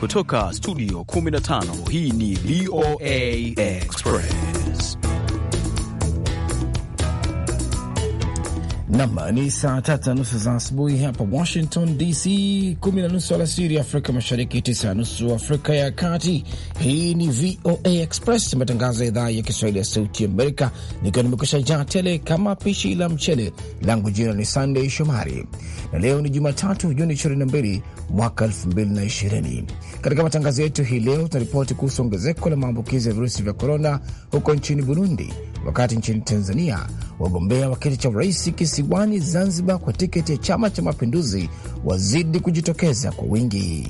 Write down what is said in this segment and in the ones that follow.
Kutoka studio 15 hii ni VOA Express. Nam ni saa tatu na nusu za asubuhi hapa Washington DC, kumi na nusu alasiri Afrika Mashariki, tisa na nusu Afrika ya Kati. Hii ni VOA Express, matangazo ya idhaa ya Kiswahili ya Sauti Amerika, nikiwa nimekusha jaa tele kama pishi la mchele langu. Jina ni Sandey Shomari na leo ni Jumatatu, Juni 22 mwaka 2020. Katika matangazo yetu hii leo tunaripoti kuhusu ongezeko la maambukizi ya virusi vya korona huko nchini Burundi, wakati nchini Tanzania wagombea wa kiti cha urais kisiwani Zanzibar kwa tiketi ya Chama cha Mapinduzi wazidi kujitokeza kwa wingi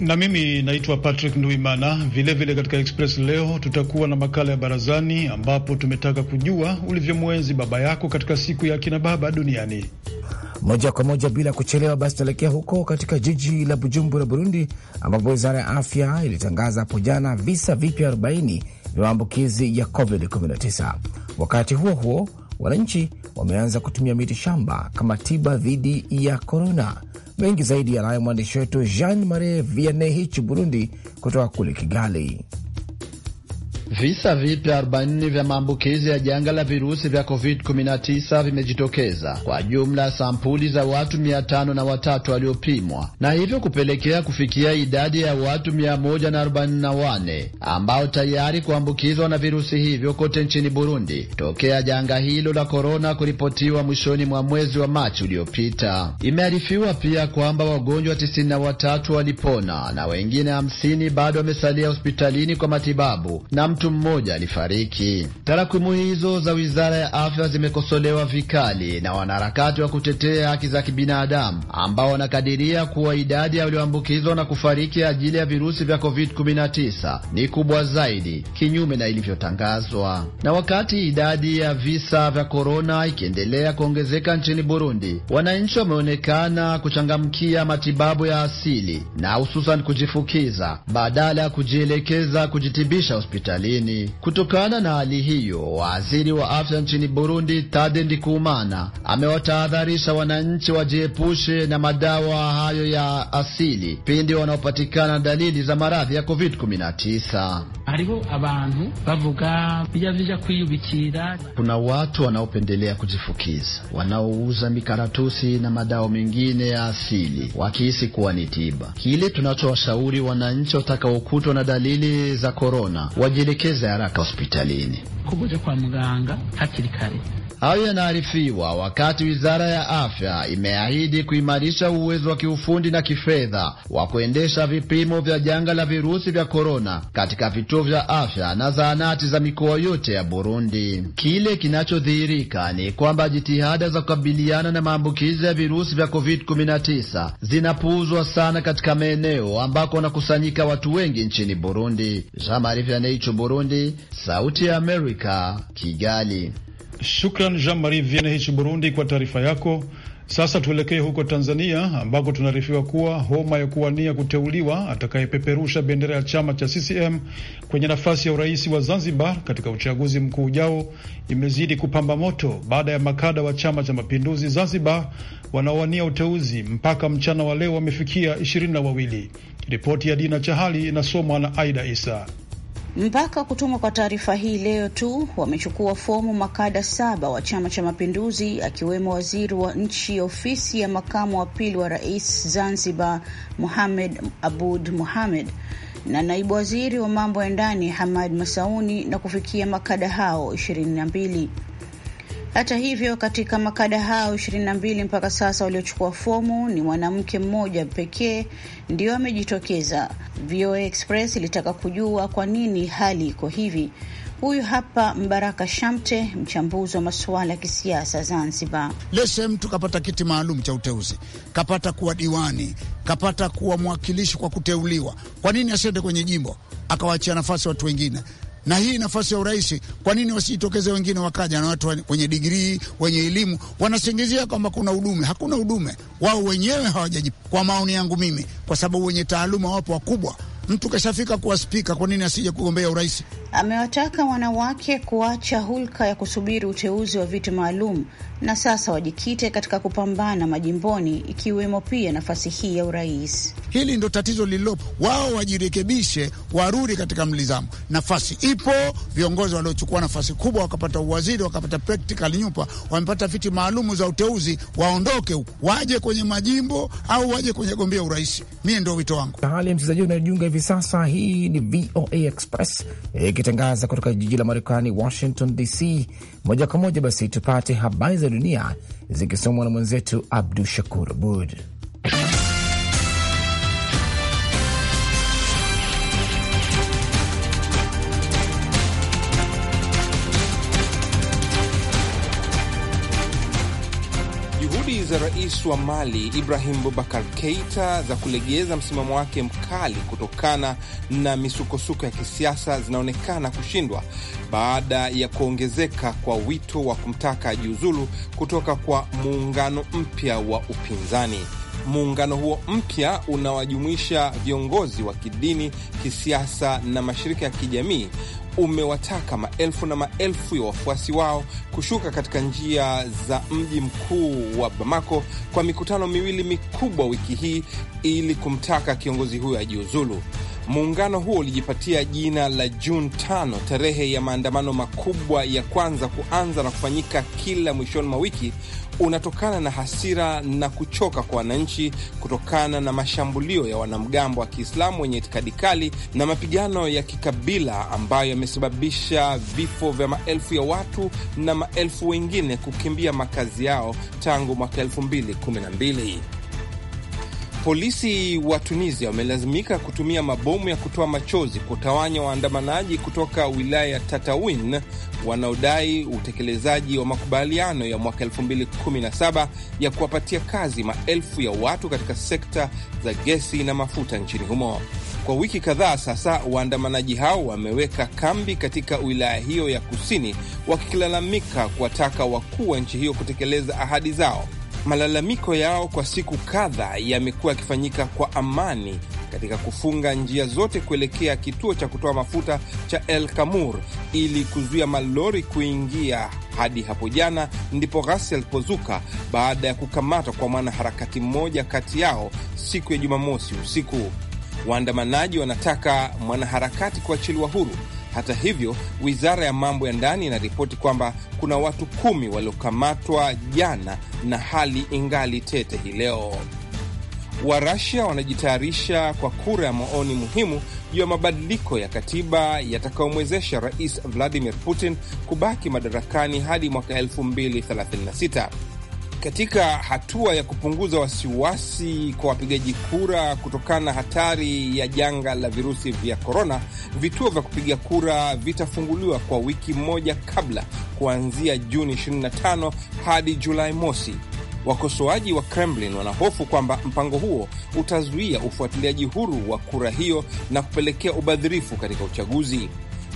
na mimi naitwa Patrick Nduimana. Vilevile katika Express leo tutakuwa na makala ya barazani, ambapo tumetaka kujua ulivyomwenzi baba yako katika siku ya akina baba duniani. Moja kwa moja bila kuchelewa, basi tuelekea huko katika jiji la Bujumbura, Burundi, ambapo wizara ya afya ilitangaza hapo jana visa vipya 40 vya maambukizi ya COVID-19. Wakati huo huo, wananchi wameanza kutumia miti shamba kama tiba dhidi ya korona. Mengi zaidi yanayo mwandishi wetu Jean Marie Vianney Hichi Burundi, kutoka kule Kigali. Visa vipya 40 vya maambukizi ya janga la virusi vya COVID-19 vimejitokeza kwa jumla sampuli za watu mia na watatu waliopimwa na hivyo kupelekea kufikia idadi ya watu 144 ambao tayari kuambukizwa na virusi hivyo kote nchini Burundi tokea janga hilo la korona kuripotiwa mwishoni mwa mwezi wa Machi uliopita. Imearifiwa pia kwamba wagonjwa 93 walipona na wengine 50 bado wamesalia hospitalini kwa matibabu na mtu mmoja alifariki. Takwimu hizo za wizara ya afya zimekosolewa vikali na wanaharakati wa kutetea haki za kibinadamu ambao wanakadiria kuwa idadi ya walioambukizwa na kufariki ajili ya virusi vya COVID-19 ni kubwa zaidi, kinyume na ilivyotangazwa. Na wakati idadi ya visa vya korona ikiendelea kuongezeka nchini Burundi, wananchi wameonekana kuchangamkia matibabu ya asili na hususan kujifukiza badala ya kujielekeza kujitibisha hospitali hospitalini. Kutokana na hali hiyo, waziri wa afya nchini Burundi Tade Ndikumana amewatahadharisha wananchi wajiepushe na madawa hayo ya asili pindi wanaopatikana na dalili za maradhi ya COVID-19. Kuna watu wanaopendelea kujifukiza, wanaouza mikaratusi na madawa mengine ya asili wakihisi kuwa ni tiba. Kile tunachowashauri wananchi watakaokutwa na dalili za korona wajili kujielekeza haraka hospitalini ko kwa mganga hakiri kare. Hayo yanaarifiwa wakati wizara ya afya imeahidi kuimarisha uwezo wa kiufundi na kifedha wa kuendesha vipimo vya janga la virusi vya korona katika vituo vya afya na zahanati za mikoa yote ya Burundi. Kile kinachodhihirika ni kwamba jitihada za kukabiliana na maambukizi ya virusi vya COVID-19 zinapuuzwa sana katika maeneo ambako wanakusanyika watu wengi nchini Burundi. Burundi, Sauti ya Amerika. Amerika, Kigali. Shukran Jean Marie Vienne Burundi, kwa taarifa yako. Sasa tuelekee huko Tanzania ambako tunaarifiwa kuwa homa ya kuwania kuteuliwa atakayepeperusha bendera ya chama cha CCM kwenye nafasi ya urais wa Zanzibar katika uchaguzi mkuu ujao imezidi kupamba moto baada ya makada wa Chama cha Mapinduzi Zanzibar wanaowania uteuzi mpaka mchana wa leo wamefikia ishirini na wawili. Ripoti ya Dina Chahali inasomwa na Aida Isa. Mpaka kutumwa kwa taarifa hii leo tu wamechukua fomu makada saba wa Chama cha Mapinduzi, akiwemo waziri wa nchi ofisi ya makamu wa pili wa rais Zanzibar Muhamed Abud Muhamed na naibu waziri wa mambo ya ndani Hamad Masauni na kufikia makada hao ishirini na mbili. Hata hivyo, katika makada hao 2b mpaka sasa waliochukua fomu ni mwanamke mmoja pekee ndio amejitokeza. VOA Express ilitaka kujua kwa nini hali iko hivi. Huyu hapa Mbaraka Shamte, mchambuzi wa masuala ya kisiasa Zanzibar. Leshe mtu kapata kiti maalum cha uteuzi, kapata kuwa diwani, kapata kuwa mwakilishi kwa kuteuliwa, kwa nini asiende kwenye jimbo akawaachia nafasi watu wengine? na hii nafasi ya urais, kwa nini wasijitokeze wengine wakaja na watu wenye digrii, wenye elimu? Wanasingizia kwamba kuna udume. Hakuna udume, wao wenyewe hawajaji, kwa maoni yangu mimi, kwa sababu wenye taaluma wapo wakubwa. Mtu kashafika kuwa spika, kwa nini asije kugombea urais? amewataka wanawake kuacha hulka ya kusubiri uteuzi wa viti maalum na sasa wajikite katika kupambana majimboni, ikiwemo pia nafasi hii ya urais. Hili ndo tatizo lililopo, wao wajirekebishe, warudi katika mlizamo. Nafasi ipo, viongozi waliochukua nafasi kubwa wakapata uwaziri, wakapata practical nyupa, wamepata viti maalumu za uteuzi, waondoke huku waje kwenye majimbo au waje kwenye gombea urais. Mie ndo wito wangu. Hali ya mchezaji unajiunga hivi sasa, hii ni VOA Express. Eh, tukitangaza kutoka jiji la Marekani, Washington DC. Moja kwa moja basi tupate habari za dunia zikisomwa na mwenzetu Abdu Shakur Abud. juhudi za rais wa Mali Ibrahim bubakar Keita za kulegeza msimamo wake mkali kutokana na misukosuko ya kisiasa zinaonekana kushindwa baada ya kuongezeka kwa wito wa kumtaka ajiuzulu kutoka kwa muungano mpya wa upinzani. Muungano huo mpya unawajumuisha viongozi wa kidini, kisiasa na mashirika ya kijamii umewataka maelfu na maelfu ya wafuasi wao kushuka katika njia za mji mkuu wa Bamako kwa mikutano miwili mikubwa wiki hii ili kumtaka kiongozi huyo ajiuzulu. Muungano huo ulijipatia jina la Juni tano, tarehe ya maandamano makubwa ya kwanza kuanza na kufanyika kila mwishoni mwa wiki unatokana na hasira na kuchoka kwa wananchi kutokana na mashambulio ya wanamgambo wa Kiislamu wenye itikadi kali na mapigano ya kikabila ambayo yamesababisha vifo vya maelfu ya watu na maelfu wengine kukimbia makazi yao tangu mwaka e212 Polisi wa Tunisia wamelazimika kutumia mabomu ya kutoa machozi kutawanya waandamanaji kutoka wilaya ya Tatawin wanaodai utekelezaji wa makubaliano ya mwaka 2017 ya kuwapatia kazi maelfu ya watu katika sekta za gesi na mafuta nchini humo. Kwa wiki kadhaa sasa, waandamanaji hao wameweka kambi katika wilaya hiyo ya kusini, wakilalamika kuwataka wakuu wa nchi hiyo kutekeleza ahadi zao Malalamiko yao kwa siku kadha yamekuwa yakifanyika kwa amani katika kufunga njia zote kuelekea kituo cha kutoa mafuta cha El Kamur ili kuzuia malori kuingia hadi hapo jana ndipo ghasia alipozuka baada ya kukamatwa kwa mwanaharakati mmoja kati yao siku ya Jumamosi usiku. Waandamanaji wanataka mwanaharakati kuachiliwa huru hata hivyo, wizara ya mambo ya ndani inaripoti kwamba kuna watu kumi waliokamatwa jana na hali ingali tete hii leo. Warasia wanajitayarisha kwa kura ya maoni muhimu juu ya mabadiliko ya katiba yatakayomwezesha Rais Vladimir Putin kubaki madarakani hadi mwaka 2036 katika hatua ya kupunguza wasiwasi kwa wapigaji kura kutokana na hatari ya janga la virusi vya korona, vituo vya kupiga kura vitafunguliwa kwa wiki moja kabla, kuanzia Juni 25 hadi Julai mosi. Wakosoaji wa Kremlin wanahofu kwamba mpango huo utazuia ufuatiliaji huru wa kura hiyo na kupelekea ubadhirifu katika uchaguzi.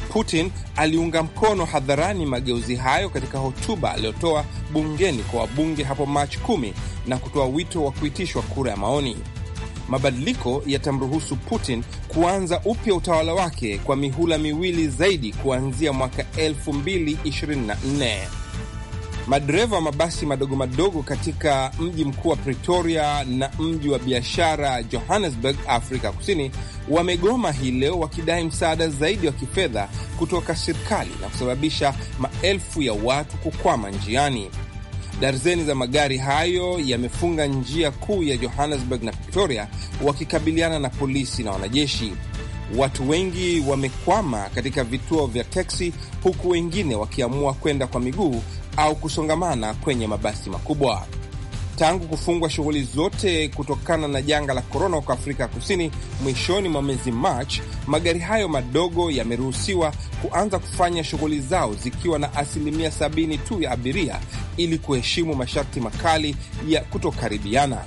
Putin aliunga mkono hadharani mageuzi hayo katika hotuba aliyotoa bungeni kwa wabunge hapo Machi kumi na kutoa wito wa kuitishwa kura ya maoni. Mabadiliko yatamruhusu Putin kuanza upya utawala wake kwa mihula miwili zaidi kuanzia mwaka 224 Madereva wa mabasi madogo madogo katika mji mkuu wa Pretoria na mji wa biashara Johannesburg, Afrika Kusini, wamegoma hii leo wakidai msaada zaidi wa kifedha kutoka serikali na kusababisha maelfu ya watu kukwama njiani. Darzeni za magari hayo yamefunga njia kuu ya Johannesburg na Pretoria wakikabiliana na polisi na wanajeshi. Watu wengi wamekwama katika vituo vya teksi, huku wengine wakiamua kwenda kwa miguu au kusongamana kwenye mabasi makubwa. Tangu kufungwa shughuli zote kutokana na janga la korona huko Afrika ya Kusini mwishoni mwa mwezi March, magari hayo madogo yameruhusiwa kuanza kufanya shughuli zao zikiwa na asilimia sabini tu ya abiria ili kuheshimu masharti makali ya kutokaribiana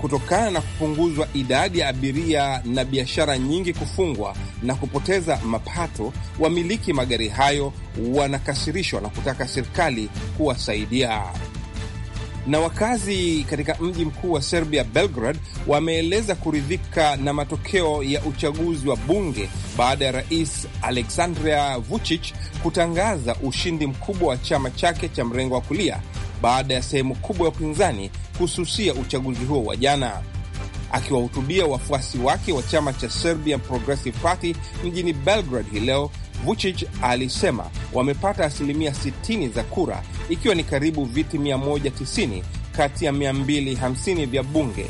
kutokana na kupunguzwa idadi ya abiria na biashara nyingi kufungwa na kupoteza mapato, wamiliki magari hayo wanakasirishwa na kutaka serikali kuwasaidia. Na wakazi katika mji mkuu wa Serbia, Belgrad, wameeleza kuridhika na matokeo ya uchaguzi wa bunge baada ya rais aleksandria Vucic kutangaza ushindi mkubwa wa chama chake cha mrengo wa kulia baada ya sehemu kubwa ya upinzani kususia uchaguzi huo wa jana. Akiwahutubia wafuasi wake wa chama cha Serbian Progressive Party mjini Belgrade hii leo, Vucic alisema wamepata asilimia 60 za kura, ikiwa ni karibu viti 190 kati ya 250 vya bunge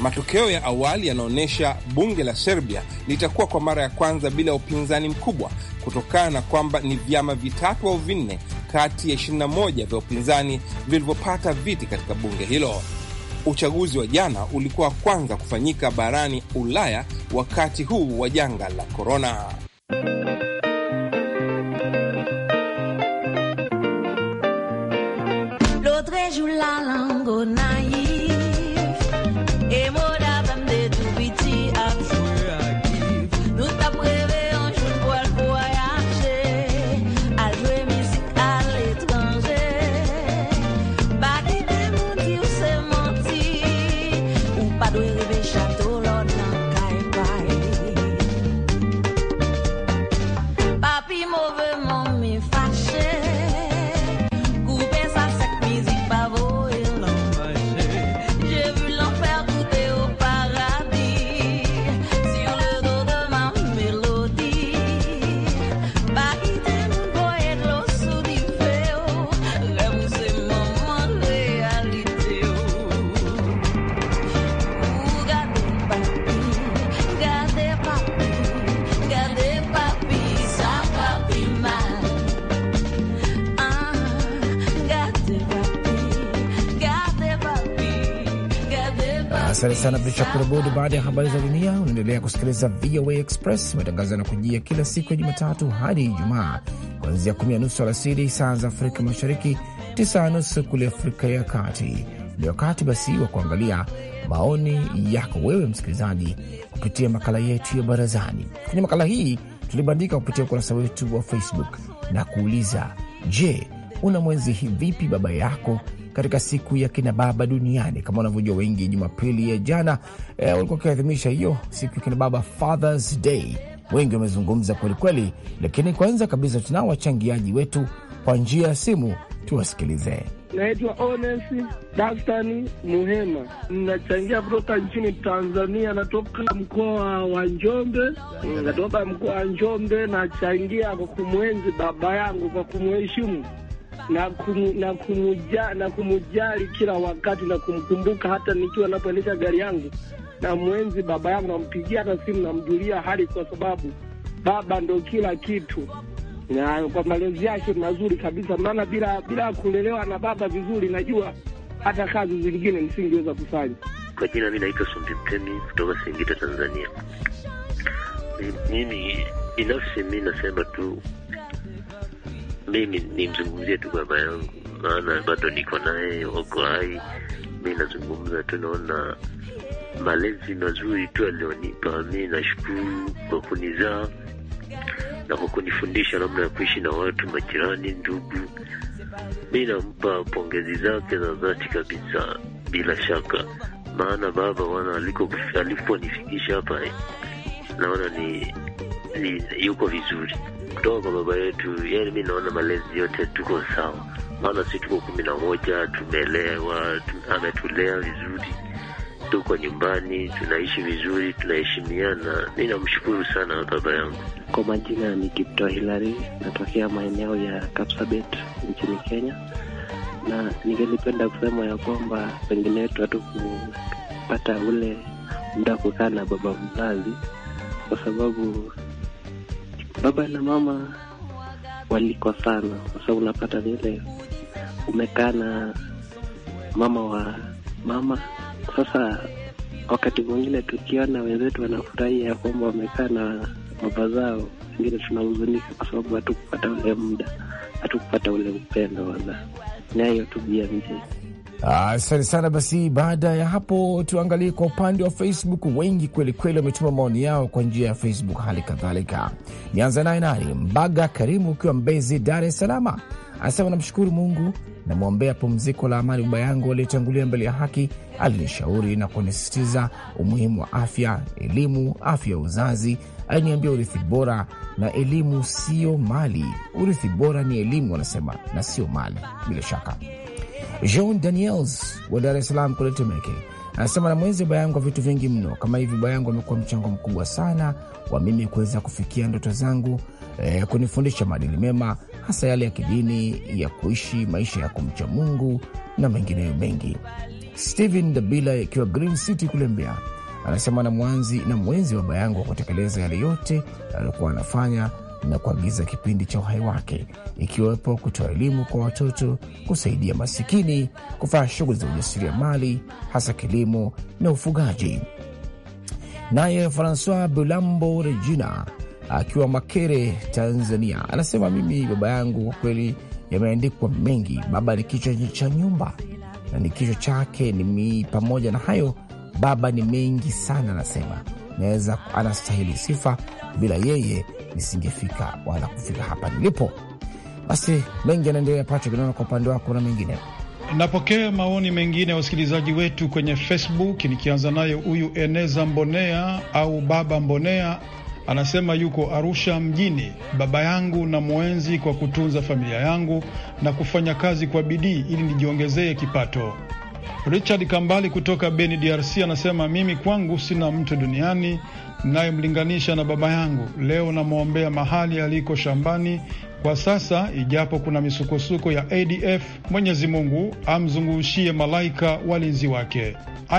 Matokeo ya awali yanaonyesha bunge la Serbia litakuwa kwa mara ya kwanza bila upinzani mkubwa kutokana na kwamba ni vyama vitatu au vinne kati ya 21 vya upinzani vilivyopata viti katika bunge hilo. Uchaguzi wa jana ulikuwa wa kwanza kufanyika barani Ulaya wakati huu wa janga la korona. sana Abdu Shakur Abud. Baada ya habari za dunia, unaendelea kusikiliza VOA Express. Matangazo yanakujia kila siku ya Jumatatu hadi Ijumaa, kuanzia kumi na nusu alasiri saa za Afrika Mashariki, tisa na nusu kule Afrika ya Kati. Ni wakati basi wa kuangalia maoni yako wewe msikilizaji, kupitia makala yetu ya Barazani. Kwenye makala hii tulibandika kupitia ukurasa wetu wa Facebook na kuuliza, je, una mwenzi vipi baba yako katika siku ya kina baba duniani. Kama unavyojua wengi, Jumapili ya jana e, walikuwa wakiadhimisha hiyo siku ya kina baba, Fathers Day. Wengi wamezungumza kwelikweli, lakini kwanza kabisa tunao wachangiaji wetu kwa njia ya simu, tuwasikilize. Naitwa Ones Dastani Muhema, nachangia kutoka nchini Tanzania, natoka mkoa wa Njombe. Natoka mkoa wa Njombe, nachangia kwa kumwenzi baba yangu kwa kumuheshimu na, kumu, na, kumuja, na kumujali kila wakati na kumkumbuka hata nikiwa napoendesha gari yangu na mwenzi baba yangu, nampigia hata simu, namjulia hali, kwa sababu baba ndo kila kitu, na kwa malezi yake mazuri kabisa, maana bila bila kulelewa na baba vizuri, najua hata kazi zingine nisingeweza kufanya. Kwa jina mi naitwa Sumbi Mtemi kutoka Singida, Tanzania. Mimi binafsi mi nasema tu mimi nimzungumzie tu baba yangu, maana bado niko naye, wako hai. Mi nazungumza tu, naona malezi mazuri tu alionipa. Mi nashukuru kwa kunizaa na kwa kunifundisha namna ya kuishi na watu, majirani, ndugu. Mi nampa pongezi zake za dhati kabisa, bila shaka, maana baba wana aliponifikisha hapa, naona ni, ni yuko vizuri kutoka kwa baba yetu. Yani mi naona malezi yote tuko sawa, maana si tuko kumi na moja, tumeelewa, ametulea vizuri, tuko nyumbani, tunaishi vizuri, tunaheshimiana. Mi namshukuru sana baba yangu. Kwa majina ni Kipto Hilary, natokea maeneo ya Kapsabet nchini Kenya, na ningelipenda kusema ya kwamba pengine wetu hatukupata ule muda kukaa na baba mzazi kwa sababu baba na mama walikosana, kwa sababu unapata vile umekaa na mama wa mama. Sasa wakati mwingine tukiona wenzetu wanafurahia ya kwamba wamekaa na baba zao, wengine tunahuzunika kwa sababu hatukupata ule muda, hatukupata ule upendo, wala nayo tu BMJ. Asante sana. Basi baada ya hapo, tuangalie kwa upande wa Facebook. Wengi kwelikweli wametuma maoni yao kwa njia ya Facebook hali kadhalika. Nianza naye nani, Mbaga Karimu ukiwa Mbezi, Dar es Salaam, anasema namshukuru Mungu, namwombea pumziko la amani baba yangu aliyetangulia mbele ya haki. Alinishauri na kunisisitiza umuhimu wa afya, elimu, afya ya uzazi. Aliniambia urithi bora na elimu sio mali. Urithi bora ni elimu, wanasema na sio mali, bila shaka Jean Daniels wa Dar es Salaam kule Temeke anasema, mwenzi baba yangu wa vitu vingi mno kama hivi. Baba yangu amekuwa mchango mkubwa sana wa mimi kuweza kufikia ndoto zangu, eh, kunifundisha maadili mema, hasa yale ya kidini, ya kuishi maisha ya kumcha Mungu na mengineyo mengi. stephen Dabila ikiwa Green City kule Mbeya anasema, mwanzi na mwenzi wa baba yangu wa kutekeleza yale yote aliyokuwa anafanya na kuagiza kipindi cha uhai wake, ikiwepo kutoa elimu kwa watoto, kusaidia masikini, kufanya shughuli za ujasiriamali, hasa kilimo na ufugaji. Naye Francois Bulambo Regina akiwa Makere, Tanzania, anasema mimi, baba yangu kwa kweli, yameandikwa mengi. Baba ni kichwa cha nyumba na ni kichwa chake ni mii. Pamoja na hayo, baba ni mengi sana, anasema naweza anastahili sifa, bila yeye nisingefika wala kufika hapa nilipo. Basi mengi yanaendelea, Patrick, naona kwa upande wako na mengine Napokea maoni mengine ya wasikilizaji wetu kwenye Facebook, nikianza nayo huyu Eneza Mbonea au Baba Mbonea anasema yuko Arusha mjini. Baba yangu na mwenzi kwa kutunza familia yangu na kufanya kazi kwa bidii ili nijiongezee kipato. Richard Kambali kutoka Beni, DRC anasema mimi kwangu sina mtu duniani nayemlinganisha na baba yangu. Leo namwombea mahali aliko shambani kwa sasa, ijapo kuna misukosuko ya ADF. Mwenyezi Mungu amzungushie malaika walinzi wake.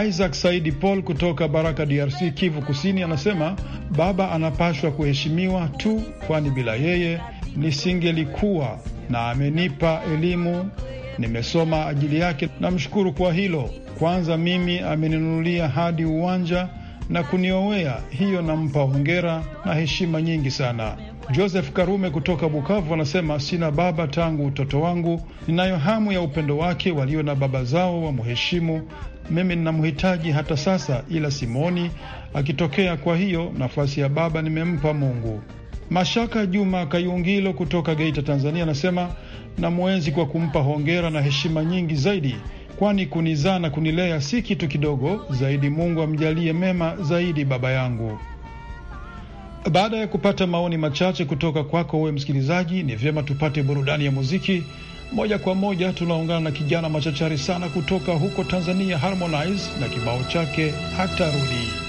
Isaac Saidi Paul kutoka Baraka, DRC, Kivu Kusini, anasema baba anapashwa kuheshimiwa tu, kwani bila yeye nisingelikuwa na amenipa elimu nimesoma ajili yake, namshukuru kwa hilo. Kwanza mimi ameninunulia hadi uwanja na kuniowea, hiyo nampa hongera na heshima nyingi sana. Joseph Karume kutoka Bukavu anasema sina baba tangu utoto wangu, ninayo hamu ya upendo wake, walio na baba zao wamheshimu. Mimi ninamhitaji hata sasa, ila simoni akitokea. Kwa hiyo nafasi ya baba nimempa Mungu. Mashaka Juma Kayungilo kutoka Geita, Tanzania anasema na mwenzi kwa kumpa hongera na heshima nyingi zaidi, kwani kunizaa na kunilea si kitu kidogo zaidi. Mungu amjalie mema zaidi baba yangu. Baada ya kupata maoni machache kutoka kwako wewe msikilizaji, ni vyema tupate burudani ya muziki. Moja kwa moja tunaungana na kijana machachari sana kutoka huko Tanzania, Harmonize na kibao chake hatarudi.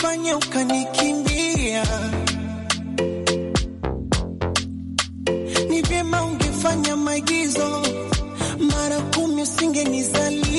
ulinifanya ukanikimbia, ni vyema ungefanya maigizo mara kumi usingenizali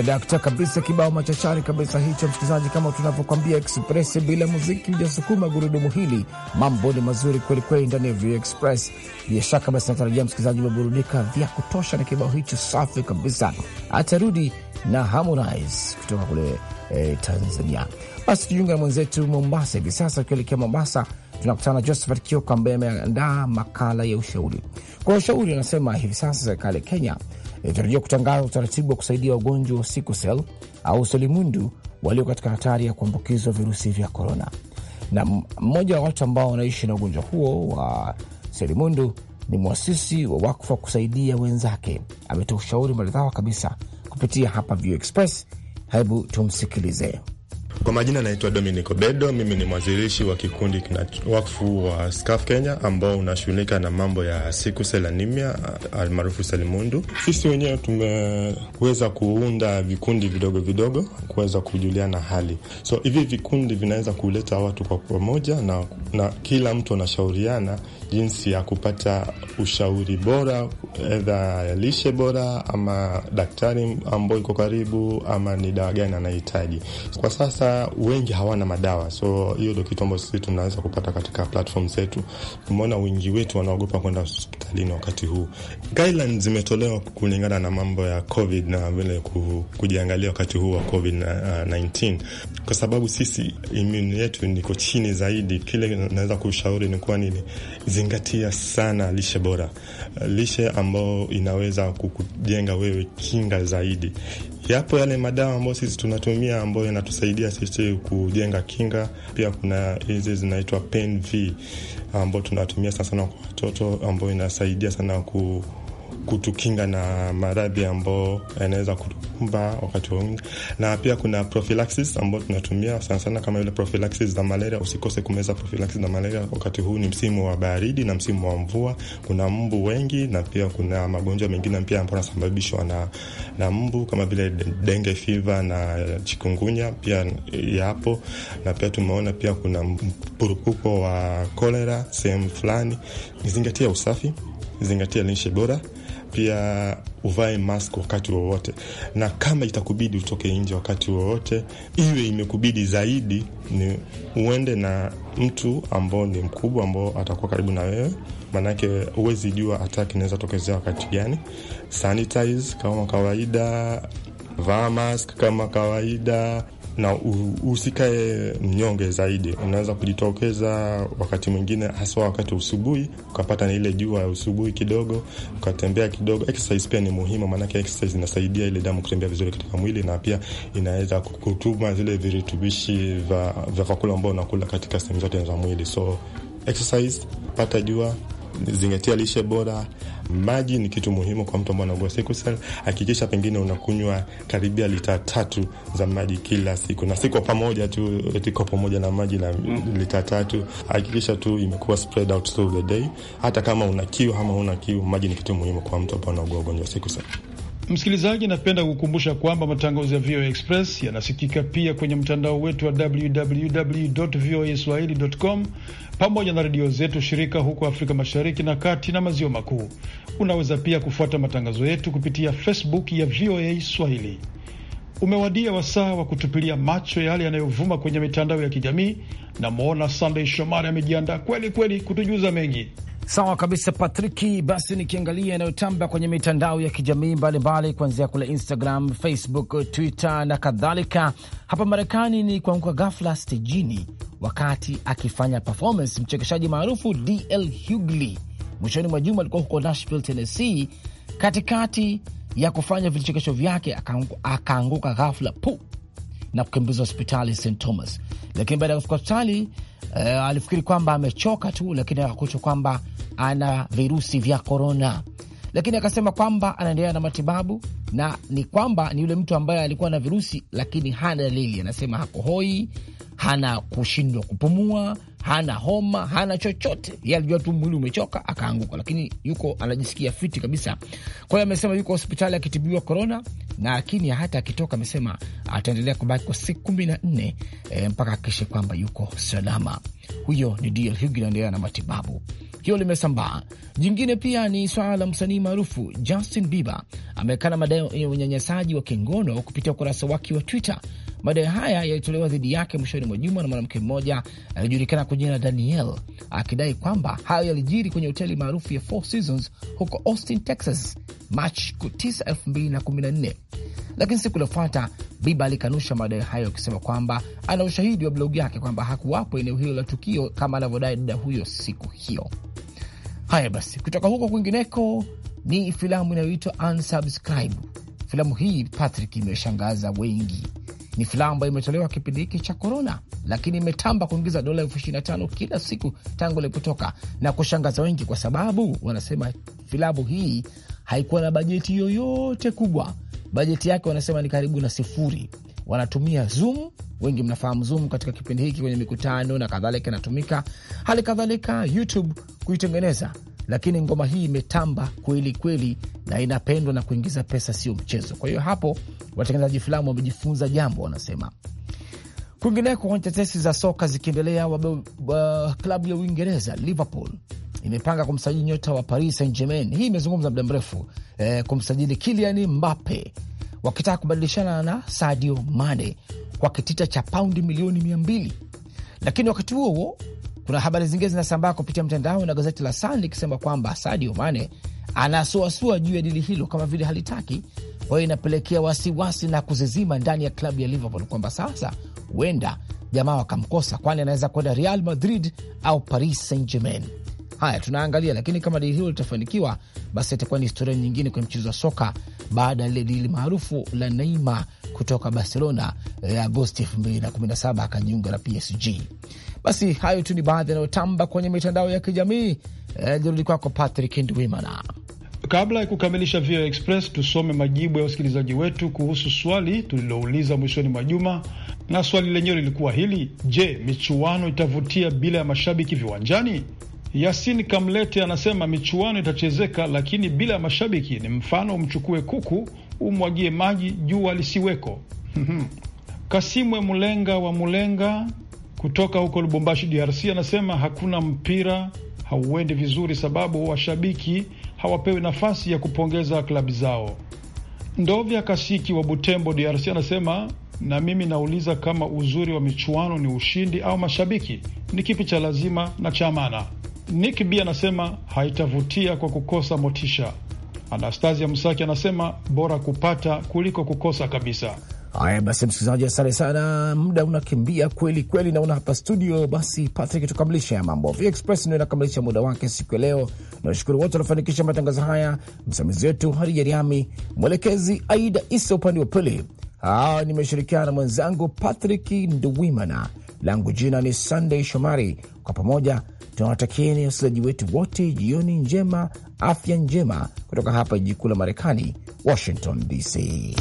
kabisa dakta kabisa, kibao machachari kabisa hicho, msikilizaji, kama tunavyokwambia Express bila muziki mjasukuma gurudumu hili. Mambo ni mazuri kwelikweli ndani ya VOA Express, bila shaka. Basi natarajia msikilizaji umeburudika vya kutosha na kibao hicho safi kabisa. Atarudi na Harmonize kutoka kule eh, Tanzania. Basi tujiunga na mwenzetu Mombasa hivi sasa. ukielekea Mombasa, tunakutana na Josephat Kioko ambaye ameandaa makala ya ushauri. Kwa ushauri, anasema hivi sasa serikali ya Kenya inatarajiwa kutangaza utaratibu wa kusaidia wagonjwa wa sickle au selimundu walio katika hatari ya kuambukizwa virusi vya korona. Na mmoja wa watu ambao wanaishi na ugonjwa huo wa selimundu ni mwasisi wa wakfu wa kusaidia wenzake. Ametoa ushauri maridhawa kabisa kupitia hapa View Express. Hebu tumsikilize. Kwa majina anaitwa Dominic Obedo. Mimi ni mwanzilishi wa kikundi kina wakfu wa SCAF Kenya ambao unashughulika na mambo ya siku selanimia almaarufu selimundu. Sisi wenyewe tumeweza kuunda vikundi vidogo vidogo kuweza kujuliana hali, so hivi vikundi vinaweza kuleta watu kwa pamoja na, na kila mtu anashauriana jinsi ya kupata ushauri bora, edha ya lishe bora ama daktari ambao iko karibu ama ni dawa gani anahitaji kwa sasa wengi hawana madawa, so hiyo ndio kitu ambacho sisi tunaweza kupata katika platform zetu. Tumeona wengi wetu wanaogopa kwenda hospitalini wakati huu. Guidelines zimetolewa kulingana na mambo ya COVID na vile kujiangalia wakati huu wa COVID 19, kwa sababu sisi immune yetu niko chini zaidi. Kile naweza kushauri ni kuwa nini, zingatia sana lishe bora lishe ambayo inaweza kukujenga wewe kinga zaidi. Yapo yale madawa ambayo sisi tunatumia ambayo yanatusaidia sisi kujenga kinga. Pia kuna hizi zinaitwa Pen V ambayo tunatumia sana sana kwa watoto, ambayo inasaidia sana ku kutukinga na maradhi ambao yanaweza kutukumba wakati wowote, na pia kuna prophylaxis ambao tunatumia sana sana, kama ile prophylaxis za malaria. Usikose kumeza prophylaxis za malaria wakati huu, ni msimu wa baridi na msimu wa mvua. Kuna mbu wengi na pia kuna magonjwa mengine pia ambayo yanasababishwa na, na mbu kama vile dengue fever na chikungunya pia yapo, na pia tumeona pia kuna mpurupuko wa cholera sehemu fulani. zingatia usafi, zingatia lishe bora pia uvae mask wakati wowote, na kama itakubidi utoke nje wakati wowote, iwe imekubidi zaidi, ni uende na mtu ambao ni mkubwa, ambao atakuwa karibu na wewe, maanake huwezi jua ataki inaweza tokezea wakati gani. Sanitize kama kawaida, vaa mask kama kawaida na usikae mnyonge zaidi. Unaweza kujitokeza wakati mwingine, haswa wakati usubuhi, ukapata na ile jua ya usubuhi kidogo, ukatembea kidogo. Exercise pia ni muhimu, maanake exercise inasaidia ile damu kutembea vizuri katika mwili, na pia inaweza kutuma zile virutubishi vya vyakula ambao unakula katika sehemu zote za mwili. So exercise, pata jua, zingatia lishe bora Maji ni kitu muhimu kwa mtu ambaye anaugua sickle cell. Hakikisha pengine unakunywa karibia lita tatu za maji kila siku, na si kwa pamoja tu, eti kopo moja na maji na mm-hmm. lita tatu. Hakikisha tu imekuwa spread out through the day. Hata kama una kiu ama una kiu, maji ni kitu muhimu kwa mtu ambaye anaugua ugonjwa wa sickle cell. Msikilizaji, napenda kukumbusha kwamba matangazo ya VOA Express yanasikika pia kwenye mtandao wetu wa www voa swahili com pamoja na redio zetu shirika huko Afrika Mashariki na kati na maziwa makuu. Unaweza pia kufuata matangazo yetu kupitia Facebook ya VOA Swahili. Umewadia wasaa wa kutupilia macho yale yanayovuma kwenye mitandao ya kijamii. Namwona sandey Shomari amejiandaa kweli kweli kutujuza mengi. Sawa kabisa Patriki. Basi nikiangalia yanayotamba kwenye mitandao ya kijamii mbalimbali, kuanzia kule Instagram, Facebook, Twitter na kadhalika. Hapa Marekani ni kuanguka ghafla stejini wakati akifanya performance mchekeshaji maarufu DL Hughley mwishoni mwa juma alikuwa huko Nashville, Tennessee. Katikati ya kufanya vichekesho vyake akaanguka ghafla pu na kukimbizwa hospitali St Thomas, lakini baada ya kufika hospitali uh, alifikiri kwamba amechoka tu, lakini akakuta kwamba ana virusi vya korona lakini akasema kwamba anaendelea na matibabu na ni kwamba ni yule mtu ambaye alikuwa na virusi lakini hana dalili. Anasema hakohoi, hana kushindwa kupumua, hana homa, hana chochote. Yeye alijua tu mwili umechoka, akaanguka, lakini yuko anajisikia fiti kabisa. Kwa hiyo amesema yuko hospitali akitibiwa korona, lakini hata akitoka, amesema ataendelea kubaki kwa siku kumi na nne eh, mpaka akishe kwamba yuko salama. Huyo ni DL Hugin anaendelea na matibabu tukio limesambaa. Jingine pia ni swala la msanii maarufu Justin Bieber amekana madai ya unyanyasaji wa kingono kupitia ukurasa wake wa Twitter. Madai haya yalitolewa dhidi yake mwishoni mwa juma na mwanamke mmoja aliyojulikana kwa jina la Daniel, akidai kwamba hayo yalijiri kwenye hoteli maarufu ya Four Seasons huko Austin, Texas, Machi 9, 2014 lakini siku iliyofuata Biba alikanusha madai hayo, akisema kwamba ana ushahidi wa blogu yake kwamba hakuwapo eneo hilo la tukio kama anavyodai dada huyo siku hiyo. Haya basi, kutoka huko kwingineko ni filamu inayoitwa Unsubscribe. Filamu hii Patrick, imeshangaza wengi. Ni filamu ambayo imetolewa kipindi hiki cha korona, lakini imetamba kuingiza dola elfu ishirini na tano kila siku tangu ilipotoka na kushangaza wengi, kwa sababu wanasema filamu hii haikuwa na bajeti yoyote kubwa bajeti yake wanasema ni karibu na sifuri. Wanatumia Zoom, wengi mnafahamu Zoom katika kipindi hiki kwenye mikutano na kadhalika, inatumika hali kadhalika YouTube kuitengeneza, lakini ngoma hii imetamba kweli kweli na inapendwa na kuingiza pesa, sio mchezo. Kwa hiyo hapo watengenezaji filamu wamejifunza jambo, wanasema kwingineko. Kwenye tetesi za soka zikiendelea, klabu ya Uingereza Liverpool imepanga kumsajili nyota wa Paris Saint Germain. Hii imezungumza muda mrefu eh, kumsajili Kylian Mbappe wakitaka kubadilishana na Sadio Mane kwa kitita cha paundi milioni mia mbili. Lakini wakati huo huo kuna habari zingine zinasambaa kupitia mtandao na gazeti la Sun likisema kwamba Sadio Mane anasuasua juu ya dili hilo kama vile halitaki. Kwa hiyo inapelekea wasiwasi na kuzizima ndani ya klabu ya Liverpool kwamba sasa huenda jamaa wakamkosa, kwani anaweza kwenda Real Madrid au Paris Saint Germain. Haya, tunaangalia, lakini kama dili hilo litafanikiwa, basi itakuwa ni historia nyingine kwenye mchezo wa soka baada ya lile dili maarufu la Neymar kutoka Barcelona eh, Agosti 2017 akajiunga na PSG. Basi hayo tu ni baadhi yanayotamba kwenye mitandao ya kijamii. Jirudi eh, kwako Patrick Ndwimana. Kabla ya kukamilisha VOA Express, tusome majibu ya wasikilizaji wetu kuhusu swali tulilouliza mwishoni mwa juma, na swali lenyewe lilikuwa hili: Je, michuano itavutia bila ya mashabiki viwanjani? Yasin Kamlete anasema michuano itachezeka, lakini bila ya mashabiki. Ni mfano umchukue kuku umwagie maji, jua lisiweko. Mhm. Kasimwe Mulenga wa Mulenga kutoka huko Lubumbashi, DRC anasema hakuna mpira hauendi vizuri, sababu washabiki hawapewi nafasi ya kupongeza klabu zao. Ndovya Kasiki wa Butembo, DRC anasema na mimi nauliza kama uzuri wa michuano ni ushindi au mashabiki, ni kipi cha lazima na cha maana? Nick B anasema haitavutia kwa kukosa motisha. Anastasia Msaki anasema bora kupata kuliko kukosa kabisa. Haya basi, msikilizaji, asante sana, muda unakimbia kweli kweli, naona hapa studio. Basi Patrick, tukamilisha ya mambo v express ndio inakamilisha muda wake siku ya leo. Nawashukuru wote wanafanikisha matangazo haya, msimamizi wetu Hadija Riami, mwelekezi Aida Isa upande wa pili. nimeshirikiana na mwenzangu Patrick Nduwimana, langu jina ni Sunday Shomari, kwa pamoja tunawatakieni wasikilizaji wetu wote jioni njema, afya njema, kutoka hapa jiji kuu la Marekani, Washington DC.